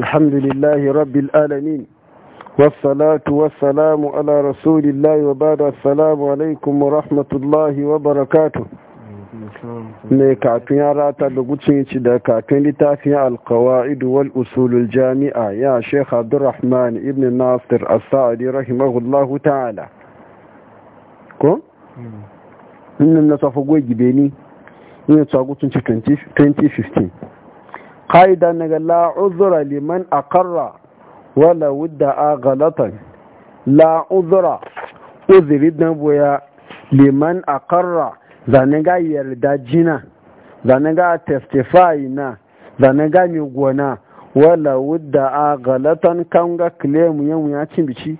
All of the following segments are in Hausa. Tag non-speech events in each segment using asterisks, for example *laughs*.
الحمد لله رب العالمين والصلاة والسلام على رسول الله وبعد السلام عليكم ورحمة الله وبركاته ne kafin ya rata da gucinci da kafin littafin alkawa'idu wal usulul jami'a ya sheikh abdurrahman ibn nasir as-sa'adi rahimahullahu ta'ala ko inna nasafa goyi gibeni ina 2015 ƙa'ida na ga la'uzura liman a ƙarra wala wadda a galatan la'uzura uzuri don boya liman a ƙarra zane ga yarda jina zane ga testify na zane ga mai gona wala wadda a galatan kan ga kilemu yamu ya cin bici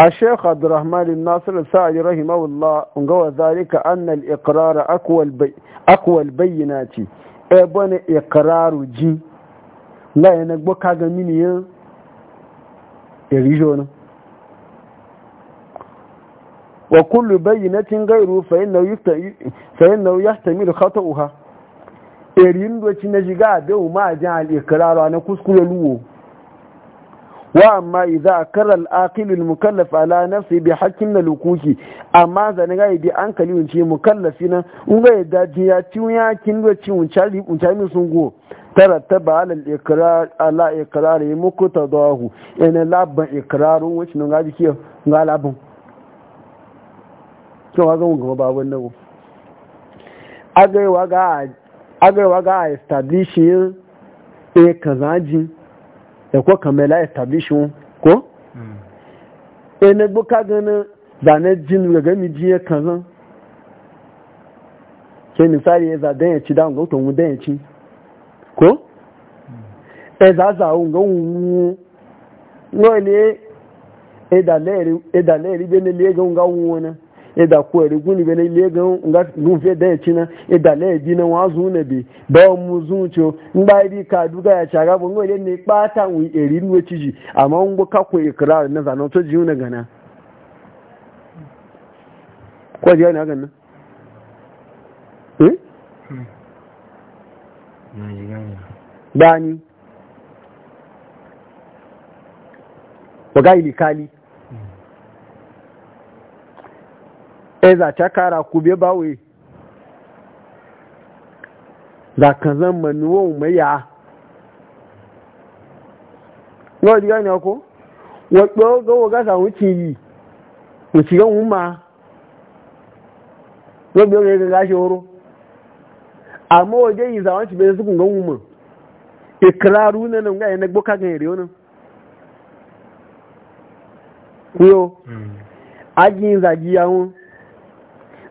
الشيخ عبد الرحمن الناصر الساعدي رحمه الله انقوى ذلك أن الإقرار أقوى, البي أقوى البينات ابن إقرار جي لا ينقبو كاغا مني يريجون وكل بينة غيره فإنه, فإنه يحتمل خطأها يريندو تنجيغا دو ما جعل إقرار أنا كسكو يلوه wa amma idza akara al-aqil al-mukallaf ala nafsi bi haqqin al-huquqi amma zan ga idi an kali unce mukallafi nan un ga yadda ya ci ya kin do ci un chari un chari sun go tarattaba ala al-iqrar ala iqrari muqtadahu ina labban iqraru wacin ga ji ki ga labban to ga mun ga ba wannan go agaiwa ga agaiwa ga establishing e kazajin ẹ̀kọ́ kan mẹ́lá ẹ̀tàbíṣun kó hmm. ẹnẹgbó káganá zànẹ́ jínu gẹ̀gẹ́ mi jíyẹ kan rán ṣe misali ẹzà dẹ́yẹ̀ci dáhùn gọ́ tòun dẹ́yẹ̀ci kó ẹzà zàhùn gọ́ wùn wọ́n ilé ẹdàlẹ́rí bẹ́ẹ̀ nílé gọ́ wọn náà ida ko ri guni be ne le nga nu fe da ci na ida le ji na wa zu ne bi ba mu zu cho ngba ri ka duga ya chaga bo ngole ne pa ta wi eri nu ci ji amma ngo ka ko ikrar e na zanon to ji na gana ko ji na gana eh hmm? dani wa ga ilikali eza ta kara ku be bawe za ka zan manuwa umaya yau ji gani ako wadda ga waga sa wuce yi wuce gan umma wadda ga ga gashi horo amma waje yi zawon ci bai su kun gan umma ikiraru na nan ga yana hmm. gboka kan yare wani kuyo ajin zagi yawon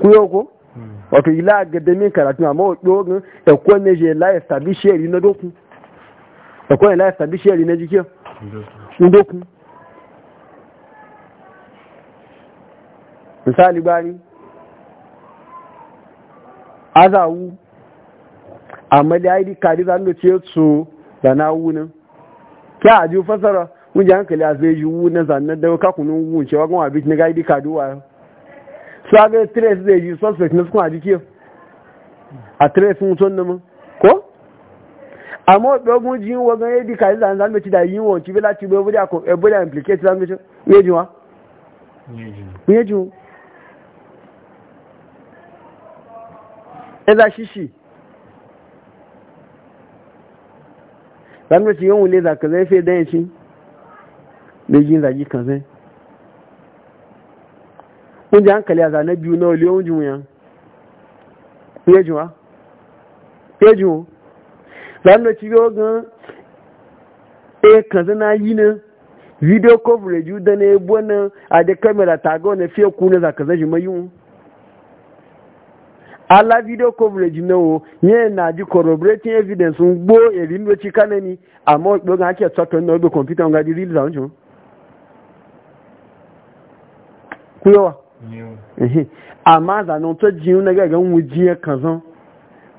kuyo hmm. wato ila ga min karatu amma dogon da e ne je la establish ri na doku e la establish ri na jike hmm. ndoku misali bani azawu amma da aidi kari zan ce su da na wunin ki a ji fasara mun ji hankali a zai ji na zannan da kakunin wun cewa gama abin na gaidi so aga tres zai yi suspect na sukun a jiki a tres mun son mu ko amma ji jin wagan yadda kayi zan zan mace da yi wa e ci bila ci bai da ko bai da implicate zan mace ne wa ne jiwa eza shishi zan mace yawan wule zaka zai fe dan shi da jin zagi kan zai wunji hankali a zane biyu na oliyo wunji wuyan pejuwa pejuwa zanen ci yau gan e kanzu na yi ne video coverage da na ebo na a da kamera tago na fiye kuna za ka zaji mai yiwu ala video coverage na wo nye na ji corroborating evidence n gbo eri nlo ci kanani amma ogbo ga ake tsato na ogbo computer nga di real zaunjun wa. amma zanen e to jiyu na gagan wujiya kazan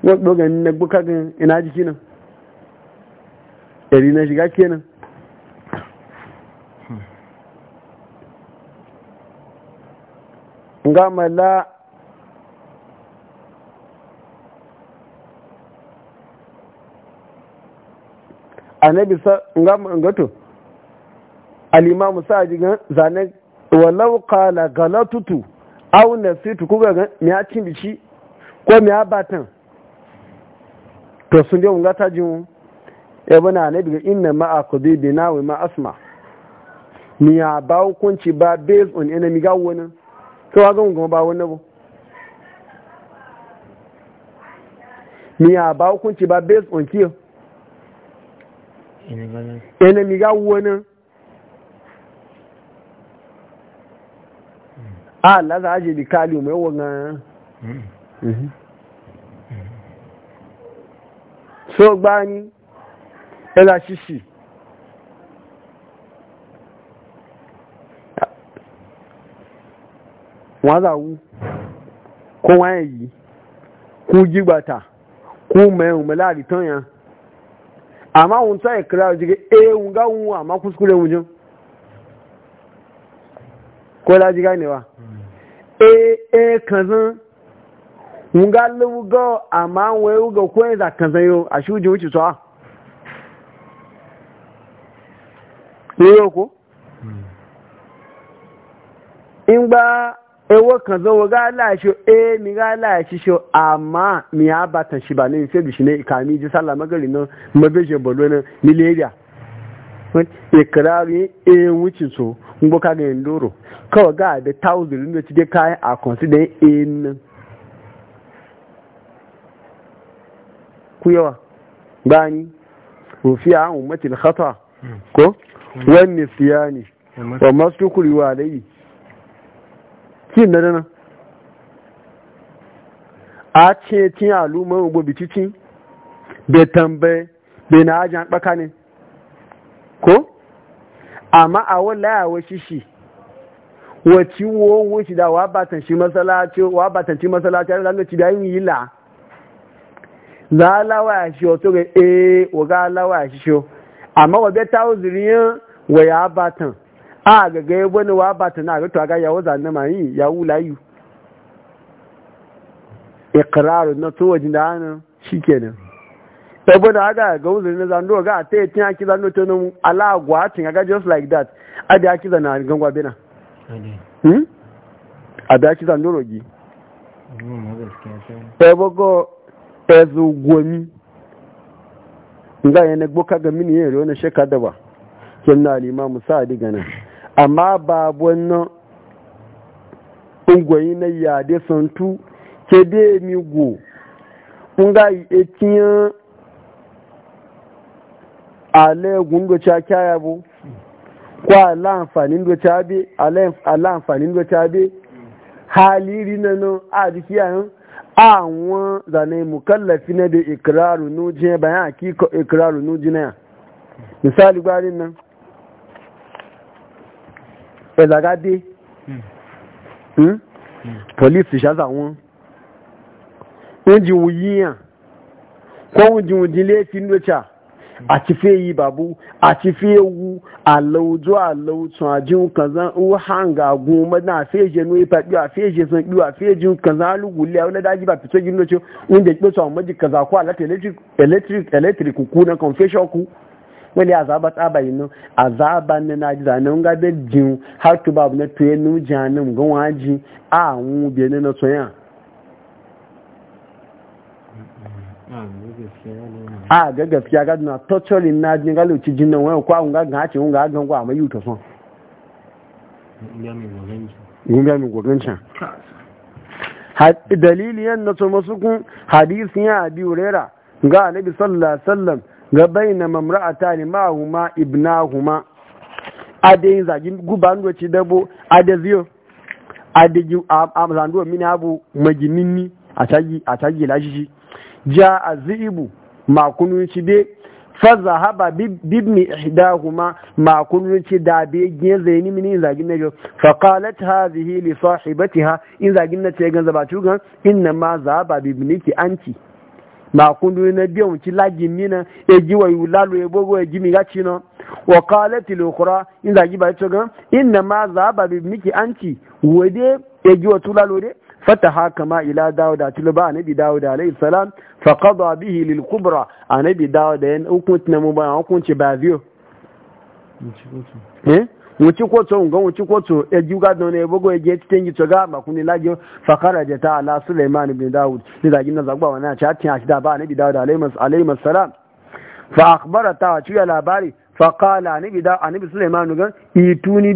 wani dogon na buka ina jiki nan ɗari na shiga kenan ga mala annabi sa ga gato alimamu sa jigan zanen walau kala galatutu na nasitu kuka ga miya cin bici ko miya batan to sun dai unga ta jin ya bana ne daga inna ma aqudi bina wa ma asma Miya ya ba hukunci ba based on ina mi ga wani to ga unga ba wani ba mi ya ba hukunci ba based on kiyo ina mi ga wani a Allah za a je bikali mai wannan mhm. so gbani ẹla ṣíṣì wọ́n láwú kó wọ́n èyí kú jígbàtà kú mẹ́rin mẹ́láàrí tán yàn àmá ohun tó ẹ̀kẹ́lá òjígé ehun gáhun àmá kúskúrẹ́ ohun jẹun kó lájígá níwàá ee e, kazan nga lugo ama wai uga ko za kazan yo a shuje wuce to a yoko ko in ba ewo kazan wo ga la shi e mi ga la shi shi amma mi abatan shi ba ne fe bi shi ne ikami ji sallama gari nan mabeje bolo nan mileriya ikirari e eh, wuce so ngbo ka ga indoro kawai ga da thousand da cike kayan a consider in ku yawa gani rufiya an ummatil khata ko hmm. wani ne. Hmm. wa masu kuriwa walayi. kin da nan a ce tin alumar gobe cikin bai tambaye bai na ajiyar ɓaka ne ko amma a wala wa shishi wace won shi da wa batanci masalaci wa batanci ci da yin yi la za a lawa shi o to ga eh wa ga lawa shi sho amma wa beta yin wa ya batan a ga wani wa batan na ga to ga yawo zanna ma yi ya wulayu ikirarun na to wajin da nan shikenan ebe na aga ga uzuri na zando ga ta yi tiya kiza no tonum ala agwa aga just like that ada akiza na gangwa bina na. ada hmm? kiza no rogi ebe go ezu gomi nga yana gboka ga mini yero na sheka da ba kinna al-imam sa'di gana amma ba wannan ungwayi na yade santu ke de mi go nga etiyan ale gungo cha kaya bu ko ala amfani ndo cha bi ala amfani ndo cha bi haliri nanu a jiki yan àwọn zane mukallafi na da ikiraru nujin bayan akiko ikiraru nujin ya misali gbarin nan ẹ̀zàgádé polisi ṣáṣà wọn wọ́n jíun yíyàn kọ́ wọ́n jíun dílé tí ń lóṣà a ci yi babu a ci wu a laujo a lauto a jin kazan u hanga goma na feje no ipa biyu a feje san biyu a feje kazan alugule wani daji ba fito gino ce inda ki so maji kaza ko alata electric electric ku na confession ku wani azaba tsaba yi nan azaba ne na ji zane ga da jin har tu babu na tuye nu janin ga waji a mu biye na soya. Mm-hmm. Ah, a ah, ga gaskiya ga na torturing na jin galo ci jinnan wani kwa unga ga hace unga ga kwa mai yuta son gumbiya min gogancin dalili yan na so masu kun hadisi ya abi urera ga annabi sallallahu alaihi wasallam ga bayyana mamra'ata ne ma'ahuma ibnahuma ade zagin guban doci dabo ade ziyo ade ji amzanduwa mini abu majinini a tagi a tagi lashishi ja azibu makununci be faza haba bibni ihdahuma makununci da be gin zaini mini zagin najo fa qalat hadhihi li sahibatiha in zagin na ce gan zaba tugan inna ma zaba bibniki anti ma na biyan ci lagin mina e giwa yulalu e bogo e mi gachi no wa qalat al ukhra in zagi ba tugan inna ma zaba bibniki anti wode e wa tulalo de fataha kama ila dawud a tilba annabi dawud alayhi salam fa qada bihi lil kubra annabi dawud yan ba wuci kotu ngon wuci kotu e juga don ne bogo e je titengi to ga ma kuni lajo fa kharaja ta ala sulaiman ibn daud ni da ginna zagba wannan cha tin ashi da ba bi daud alayhi salam fa wa labari fa qala da ituni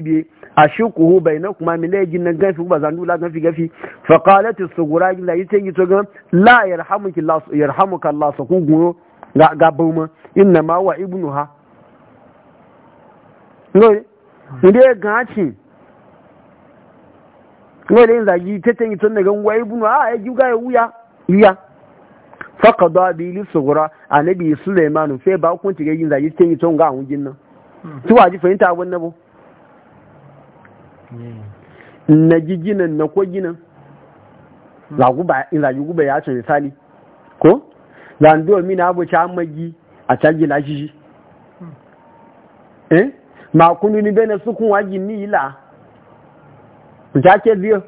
bi ashukuhu bainakuma min la yajin gafi ba zandu la gafi gafi fa qalat as-sughra la yatin yito ga la yarhamuki Allah yarhamuka Allah su kugo ga gabuma inna ma wa ibnuha no ndi inde gaci no le yi teten yito ne ga e wa ibnu a ya juga ya wuya wuya fa qada bi lis-sughra anabi sulaiman fe ba kun tiga yin zagi teten yito ga hunjin nan tuwa ji fahimta abun bo Hmm. na giginan na ko ginan hmm. in zagi ya ce misali ko zando mina abu ca magi a canji lashishi hmm. eh ma kunu ni bene sukun wa gini ila nta ke biyo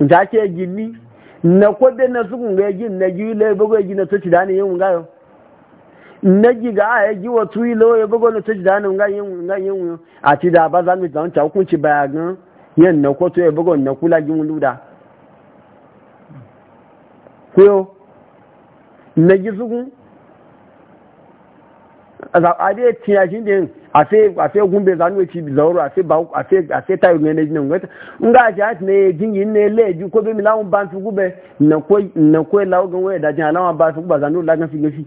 nta ke gini na ko bene sukun ga gini na gi le bugo gini to ci dani yin ngayo na giga a ah, ya gi wasu ilo ya bugo na tashi danin ngan yin wuyo a ti da ba za mu zan ta hukunci baya gan Yen na kwato ya bugo na kula gin luda kuyo na gi zugun a dai tiya shi da a fe gumbe zanu ci zauro a fe ba a fe a fe e tayo ne ne ngata nga ja ne jingi ne le ju ko be mi lawun ban su gube na ko na ko e lawo gan waya e da jan lawan ba su gube zanu la gan fi gafi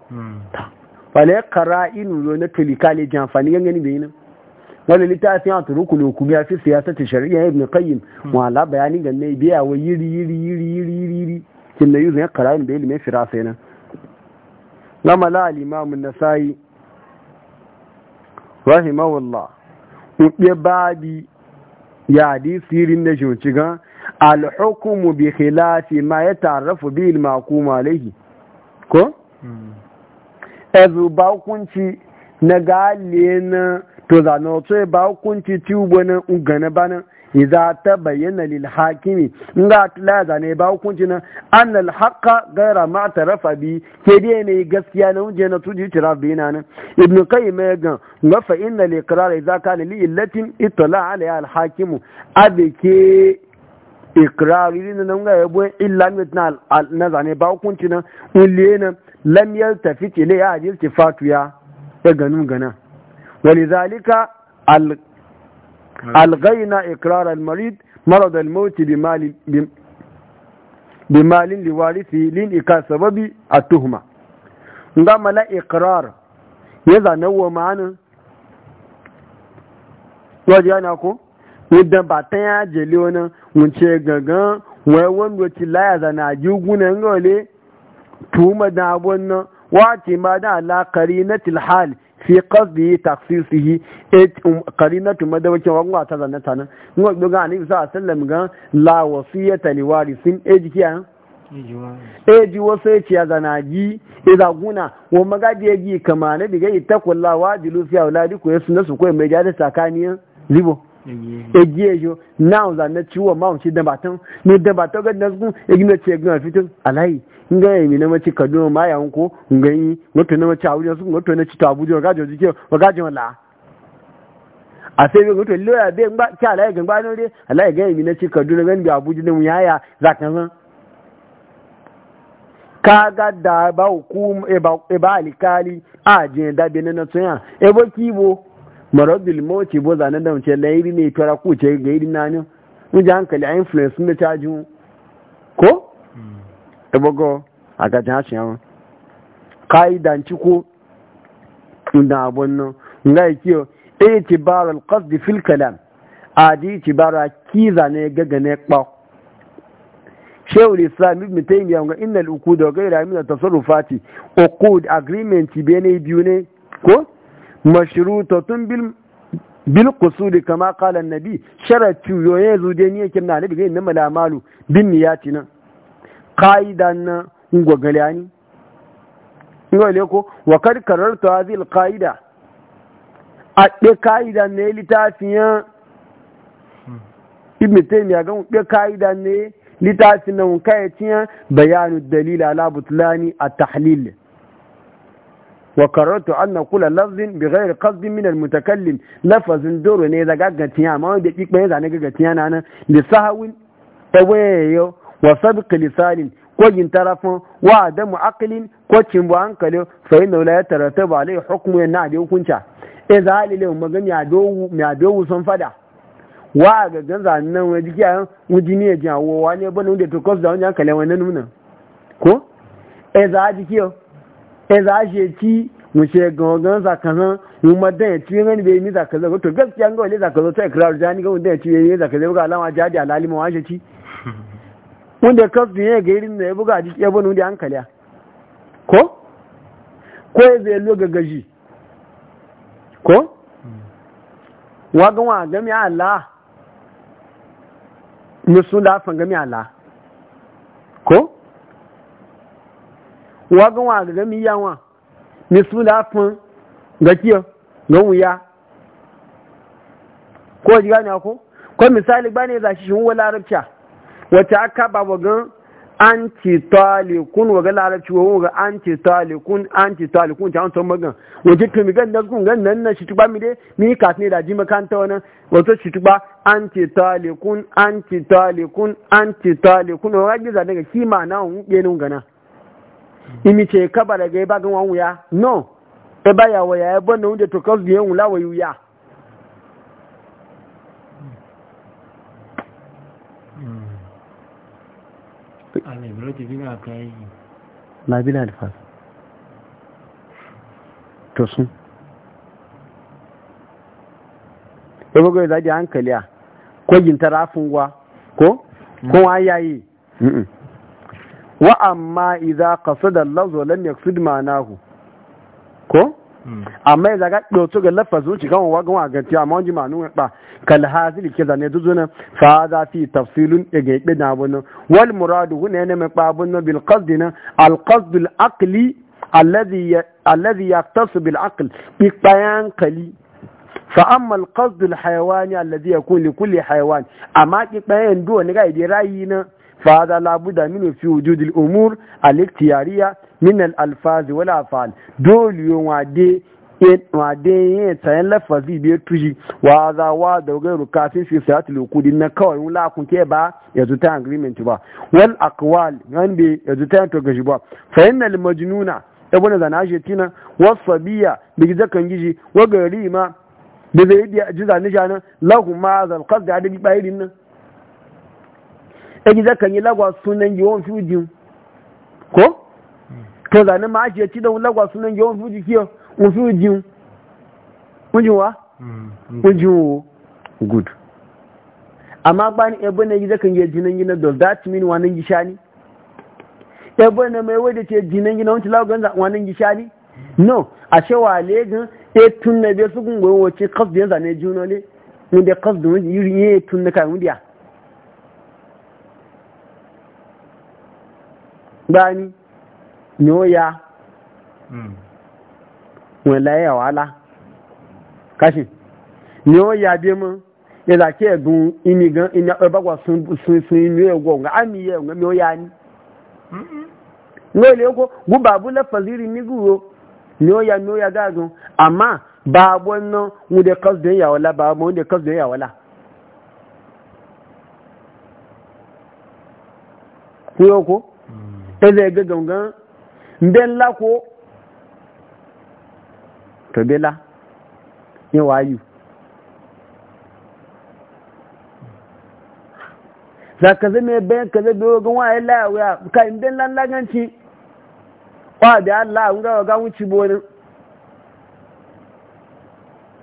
wale kara inu yo na tulikali ji amfani gangani bai nan wani littafin a turuku ne hukumi a fi siyasa ta shari'a ibn qayyim hmm. wala bayani ga ne biya wa yiri yiri yiri yiri yiri yiri kin na yuzu ya kara inu da ilimin firasa yana gama la al-imam an-nasai rahimahullah ubiye babi ya di irin na shi gan al bi khilafi ma ya ta'arrafu bi al-maqum alayhi ko hmm. ezu ba hukunci na galiye na to zane wato e ba hukunci ci wani ungane bana idza ta bayyana lil hakimi in ga la zane ba hukunci na an al haqa gaira ma tarafa bi ke dai ne gaskiya na wuje na tuji tira bi na na ibn qayyim ya ga wa fa inna li iqrar idza kana li illatin itla alayha al hakimu abike iqrar irin nan ga yabo illa mitna na zane ba hukunci na ulle na lam yaltafi kile ya jilti fatuya, ya ya ganu gana walizalika al alghayna ikrar al marid marad al bi malin liwari mal lin ika sababi tuhuma nga mala ikrar ya zanawa ma'anin wajen yana ko idan ba ta yaje leonin wunce gangan wai wanda ci laya zana ji guna ne? tuma da wannan wace ma da ala qarinatil hal fi qasdi taqsisihi et um, karinatu madawakin wa ta zanna tanan ngo doga ani bisa sallam ga la wasiyata li warisin ejiya eji e wasu ya e ce ya zana ji iza guna wa magadi ya ji kama na diga ita kulla wa jilu fiya wula diku ya suna su kawai mai jada tsakaniya ribo eji ya jo na zana ciwo ma wuce dabatan batan ne da batan ga nasu egina ce gina fitin alayi nga yi na mace kaduna ma ya hanko ngayi wato na mace abuja su wato na cita abuja ga joji ke ga jin la a sai bi wato loya be ngba ki ala ga ngba nore re ala ga mi na ci kaduna gan bi abuja ne mu yaya za ka san ka ga da ba hukum e ba e ba alikali a je da bi na ya e bo bo marabil mawci bo na da mace lairi ne tara ku ce ga yi na ne mu ji hankali a influence mu ta ko hmm. ebogo a gajin hashin yawon ka'idan ciko da abun nga yi kiyo e eh, ti baro alqasdi fil kalam a di ti baro kiza ne gaga ne kpa shehu islam ibn taymiya nga innal uqud wa ghayra min at-tasarrufati uqud agreement be ne biyu ne ko mashrutatun bil bil qusudi kama qala an-nabi sharatu yoyezu de ne kin na nabi ga inna malamalu bin niyatina ƙa'idan na gwagalani yau ko wa karkarar ta hazi alƙa'ida a ɗe ƙa'idan ne littafiyan ibn taymiya ga ɗe ƙa'idan ne littafin na kayacin bayanu dalila ala butulani a tahlil wa kararta an na kula lafzin bi ghairi qasdin min al-mutakallim lafazin doro ne da gaggatiya amma wanda kikba ya zane gaggatiya na nan da sahawin ewayeyo wa sabq lisanin ko jin tarafin wa adamu aqlin ko cin bu hankali fa inna la yatarattabu alayhi hukmu yana da hukunta e za halile mu ga a dowu miya a dowu sun fada wa ga ganza nan wani jiki a wuji ne jin awo wa ne bane wanda to kos da wani hankali wannan nuna ko e za jiki e za je ci mu she gangan zakanan mu madan ya ci ngani bai mi zakazo to gaskiya ga wale zakazo ta ikrar jani ga wanda ya ci yayi zakazo ga alama jadi alalima wa je ci wanda kafin ya ga irin da ya buga jiki ya bani wanda hankali ya ko ko ya zai lo gaggaji ko wa ga wa ga mi Allah musu da san ga mi Allah ko wa ga wa ga mi yawa musu da san ga kiyo ga wuya ko ji gane ko ko misali bane za shi shi wala rabcia wacce aka ba wagan an wagan larabci wa wagan an ci talikun an ta wancan magan wace tumi gan nan kun gan nan na shi tuba mi ni mi ka ne da ji makanta wannan wato shi tuba an ci talikun an ci talikun an ci talikun wagan daga kima na hun yenin gana imi ce kaba daga ba gan wa wuya no e ba ya waya e bonne hunde to kasu yen wula wa yuya tafiya ka yi labila da fasa to sun ya bugu da da hankali a kogin ta rafin gwa ko kuma yayi wa amma idza da allazu lam yaqsid ma'nahu ko amma ya zaga ɗautu ga lafazin ci kan wagon a ganti amma wani manu ya ɓa kal hazili ke zane duzu nan fa za fi tafsilun ya ga ikpe na abu nan wal muradu huna yana mai ɓa abu bil qasdi nan al qasdu al aqli alladhi yaqtasu bil aql ikpayan kali fa amma al qasdu al hayawani alladhi yakun li kulli hayawan amma ikpayan duwa ne ga idirayi na. fa za labuda minu fi wujudil umur al iktiyariya minal alfazi wala fal dole yo wade wade yin tsayen lafazi biyar tuji wa za wa da gairu sun fi sayatul ukudi na kawai mun la kun ke ba ya zuta agreement ba wal aqwal nan be ya zuta to gashi ba fa innal majnuna ibn zanashi tina wasabiya bi kan giji wa gari ma da zai yi ji zane shana lahu ma zal qad da bi bayirin nan e gi zakan yi lagwa sunan yi won fi ko to zane ma ake ci da lagwa sunan yawon fuji kiyo wufi ujin ujin wa mm, ujin wo good amma bani ebe na gida kan yi jinan gina does that mean wannan gisha ne ebe na mai wadda ce jinan gina wancan lagwa wannan gisha ne no a cewa legin etun na biyar su gungun wace kasu yanzu ne juna ne wanda kasu domin yi etun na kayan wudiya gani ni ó ya wọn lẹ́yẹ̀ wàhálà káṣí ni ya bí mọ́ ìlàkí imi gan imi ọgbàgbà sunsun inú ẹ̀gùn ọ̀gá àmì yẹ ya ni ní ó lè kó gúbà ni ó ya ni ó ya gáàgùn àmà bá a bọ́ ná wọn dẹ kọ́sì dẹ́ ìyàwó la bá a mọ̀ wọn dẹ kọ́sì dẹ́ ìyàwó la. gan bella ko to bella yin wayu za ka zame bayan ka zabe wagon waye laya ka in bella laganci wa da Allah an ga ga wuci bonin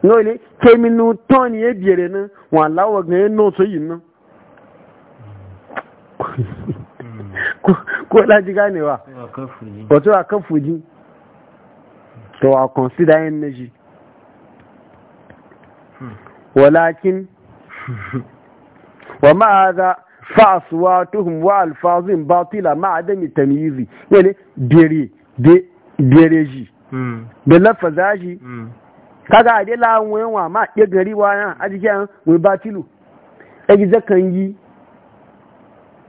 nole keminu ton ye biere na wa lawa ga no so yin na *laughs* ko ɗaji ganewa wato a kan fuji to a consider yin na ji walakin wa ma'aza fa'asuwa tuhum wa alfazin batila ma'adami tamizi yani dere dere ji hmm. da lafaza shi hmm. kaga a dai lawon wa ma ɗe gari wa nan a jikin wai batilu ɗagi e zakan yi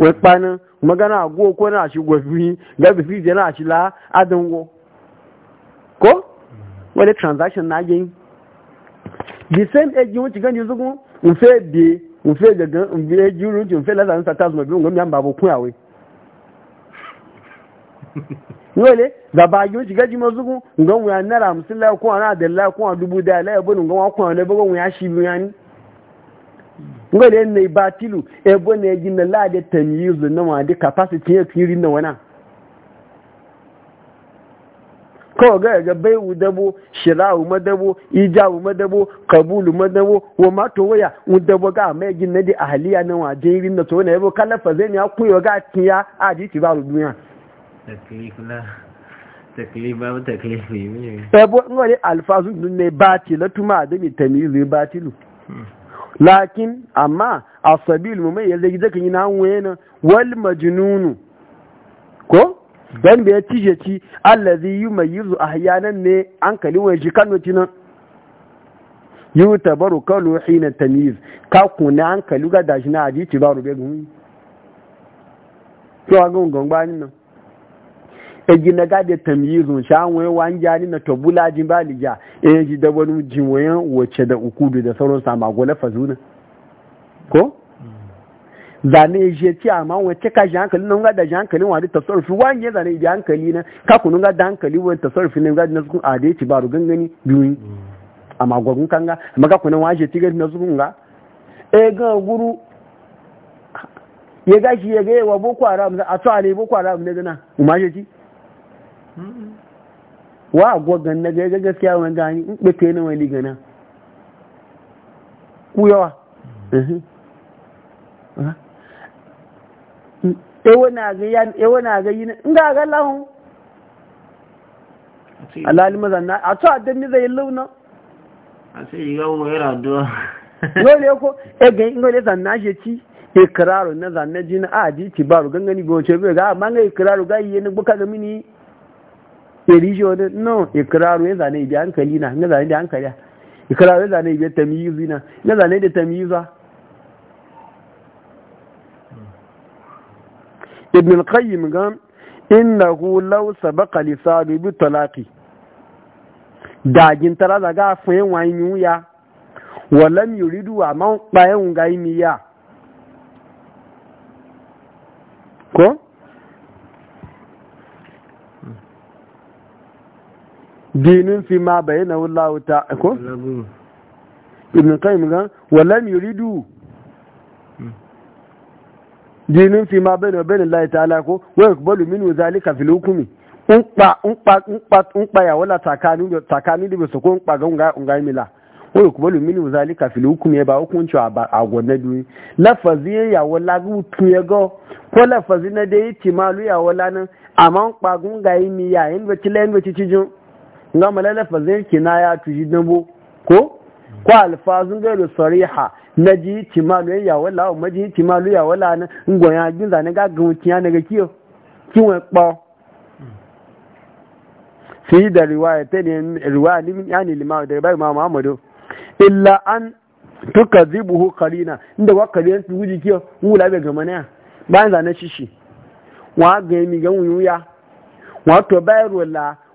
wai kpanin magana go ko na shi gwafi ga bifi je na shi la adango ko wani transaction na yi the same age yin wuce gani zugun nfe bi bi ngomi amba bo kun awe *laughs* wale da ba yi wuce gaji mazugun ngon wuya nara hamsin la ko ana da la ko dubu da la ya bo ngon wa kun ne bo ngon ya shi bi ngole ne batilu ebo ne ji na la de tamyizu na wa de capacity ya kiri na wana ko ga ga bai udabo shira'u madabo ijabu madabo kabulu madabo wa to waya udabo ga ma ji na di ahliya na wa de rin na to kala ebo kalafa zai ya kuyo ga tiya a di ti ba duniya taklifna taklifa ba taklifi ebo ngole alfazu ne batila tuma da mi tamyizu batilu hmm. lakin amma a sabil mumai yadda gida kan yi na hanwaye wal majnunu ko dan da ya cije ci allazi a ahyanan ne an kali wani shi kano ci nan baro tabaru kalu hina tamiz ka kuna an kali ga dashi na aji ci baro bai gumi to a gungun gbanin nan egi na gade tamyizun shawon wani wani jani na tabula jin balija eh ji da wani jinwayan wace da ukudu da sauran sama gola fazuna ko zane ya ce ci amma wace ka ji hankali na ga da ji wani tasarrufi wani ya zane ji hankali na ka kunu ga da hankali wani tasarrufi na, ga na sukun ade ci baro gangani biyu amma gwagun kanga amma ka kunu waje ti ga na sukun ga e ga guru ya gashi ya ga yawa boko haram a tsohari boko haram ne gana umaje ti wa agwagan na ga gaskiya wani gani in ɓe yana. na wani gana ku yawa ewo eh, eh, na ga na ga yin in ga ga lahun alali mazanna a to adan ni zai launa a sai yi wayar yara duwa *laughs* wale ko e ga in zanna shi ci ikraru na zanna jina a ji ci baru gangani gwanci bai ga amma ga ikraru ga yi ne buka ga mini irishi wani no ikiraru ya zane ibi hankali na nga zane da hankali ya ikiraru ya zane ibi tamiyizu na nga zane da tamiyizu ibn al-qayyim gan innahu law sabaqa li sahibi talaqi dagin tara daga fayin wanyu ya walam yuridu amma bayan ga ya ko dinin fi ma bayyana wallahu ta ko ibn qayyim ga walam yuridu dinin fi ma bayyana bayyana Allah ta'ala ko wa yakbalu minhu zalika fil hukmi unpa unpa unpa unpa ya wala takani takani dibe so ko unpa ga unga unga mila wa yakbalu minhu zalika fil hukmi ba hukunci a gwanne duni lafazi ya wala gutu ya go ko lafazi na dai timalu ya wala nan amma unpa gunga yi mi ya in wacce len wacce cijin nga malalafa zai kinaya tuji dambo ko ko alfazun gairu sariha na ji timalu ya wala o maji timalu ya wala na ngoya ginza na ga gun tiya na ga kiyo ki won po fi da riwaya ta ne riwaya limin yani limamu da bai imamu Muhammadu illa an tukazibuhu qarina inda wa qarin su guji kiyo wula be ga mana bayan zane shishi wa ga mi ga wuya wa to bayar wala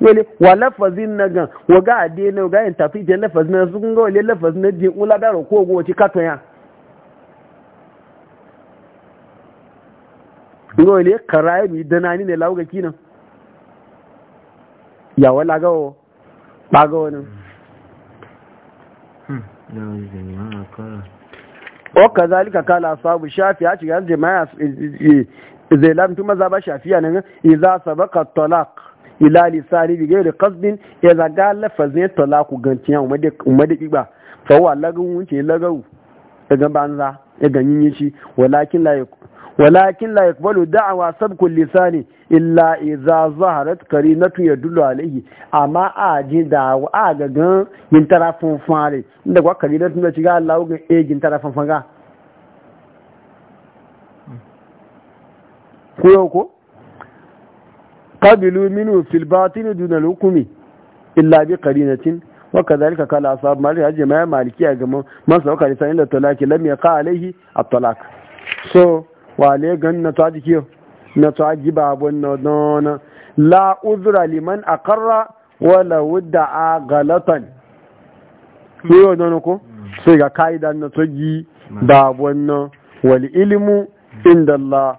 wani wa lafazin na gan wa ga ade na ga yin tafi je lafazin na sun ga wale lafazin na jin ula da ko go ci kato ya ngo ile karaye mi danani ne lauga kinan ya wala ga wo ba ga hmm, wani o kazalika kala sabu shafi a cikin jama'a zai lamtu maza ba shafiya nan idza sabaka talaq ila lisani bi gairi qasdin ya zaga lafazin talaku gantiya umade umade kiba fa wa lagun wunce lagawu daga banza ya yin yishi walakin la walakin la yaqbalu da'wa sabku lisani illa idza zaharat karinatu yadullu alayhi amma a ji da a gagan yin tarafin fare inda kwa karinatu da shiga Allah ga egin tarafin fanga ko yau ko qabilu minhu fil batin dun al hukmi illa bi qarinatin wa kadhalika qala ashab malik hajji ma maliki ga masa wakari sanin da talaki lam yaqa alayhi at talaq so wale ganna to ajiyo na to ajiba bonno dona la uzra liman aqarra wala wadda'a galatan yau don ko sai ga kaida na to gi da bonno wal ilmu inda Allah